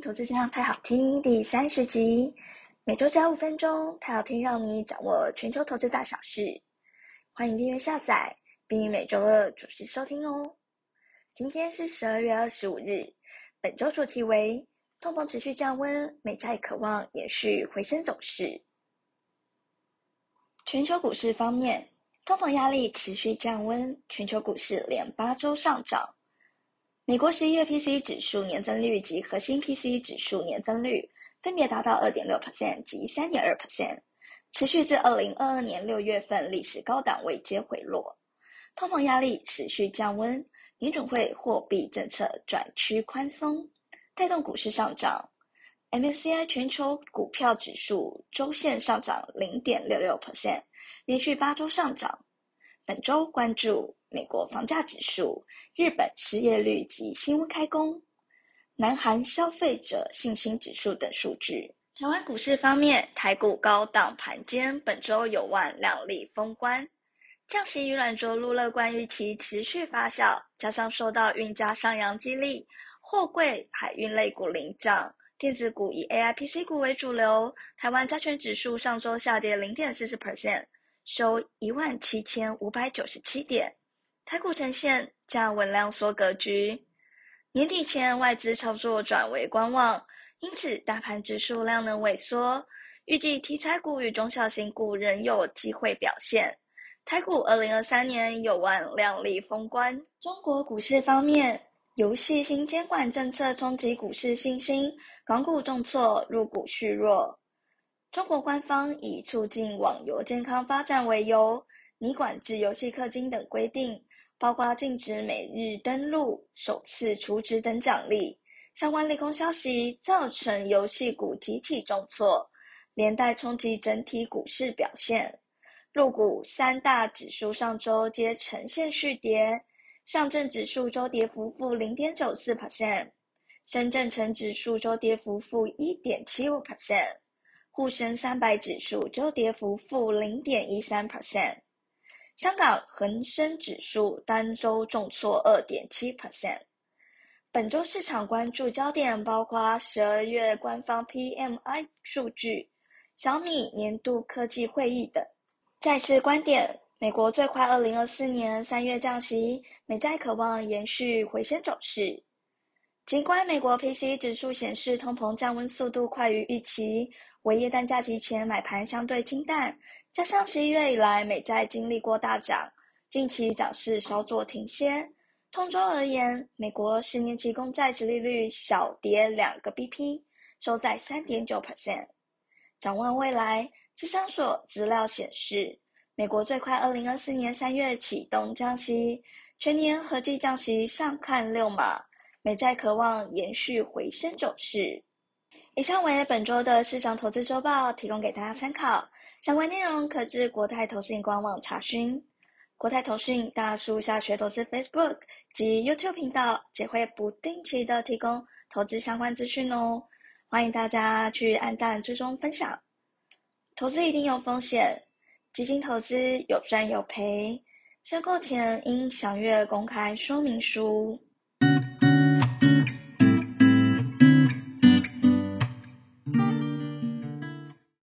投資這樣，泰好聽第三十集，每週只要五分鐘，泰好聽讓你掌握全球投資大小事。歡迎訂閱下載，並於每週二準時收聽哦。今天是十二月二十五日，本週主題為通膨持續降溫，美債可望延續回升走勢。全球股市方面，通膨壓力持續降溫，全球股市連八週上漲。美國十一月 p c 指數年增率及核心 p c 指數年增率分別達到二點六及三點二%，持續至二零二二年六月份歷史高檔位接回落，通膨壓力持續降溫，聯準會貨幣政策轉趨寬鬆，帶動股市上漲。MSCI 全球股票指數週線上漲零點六六%，連續八周上漲。本周關注美國房價指數、日本失業率及新屋開工、南韓消費者信心指數等數據。台灣股市方面，台股高檔盤堅，本周有望亮麗封關。降息與軟著陸樂觀預期持續發酵，加上受到運價上揚激勵，貨櫃海運類股領漲，電子股以 AIPC 股為主流。台灣加權指數上周下跌零點四四 percent。1 收一萬七千五百九十七點，台股呈現價穩量縮格局，年底前外資操作轉為觀望，因此大盤指數量能萎縮，預計題材股與中小型股仍有機會表現。台股二零二三年有望亮麗封關。中國股市方面，遊戲新監管政策衝擊股市信心，港股重挫，陸股續弱。中國官方以促進網遊健康發展為由，擬管制遊戲氪金等規定，包括禁止每日登錄、首次儲值等獎勵。相關利空消息造成遊戲股集體重挫，連帶衝擊整體股市表現。陸股三大指數上周皆呈現續跌，上證指數周跌幅負0.94%，深圳成指數周跌幅負1.75%。滬深三百指數周跌幅負零點一三 percent，香港恆生指數單周重挫二點七 percent。本周市場關注焦點包括十二月官方 PMI 數據、小米年度科技會議等。債市觀點：美國最快二零二四年三月降息，美債可望延續回升走勢。儘管美國 PCE 指數顯示通膨降溫速度快於預期，為元旦假期前買盤相對清淡，加上十一月以來美債經歷過大漲，近期漲勢稍作停歇。通州而言，美國十年期公債殖利率小跌兩個 BP，收在3.9%。展望未來，芝商所資料顯示，美國最快2024年三月啟動降息，全年合計降息上看六碼。美債可望延續回升走勢。以上為本週的市場投資週報，提供給大家參考。相關內容可至國泰投信官網查詢。國泰投信大樹下學投資 Facebook 及 YouTube 頻道，也會不定期的提供投資相關資訊哦。歡迎大家去按讚、追蹤、分享。投資一定有風險，基金投資有賺有賠。申購前應詳閱公開說明書。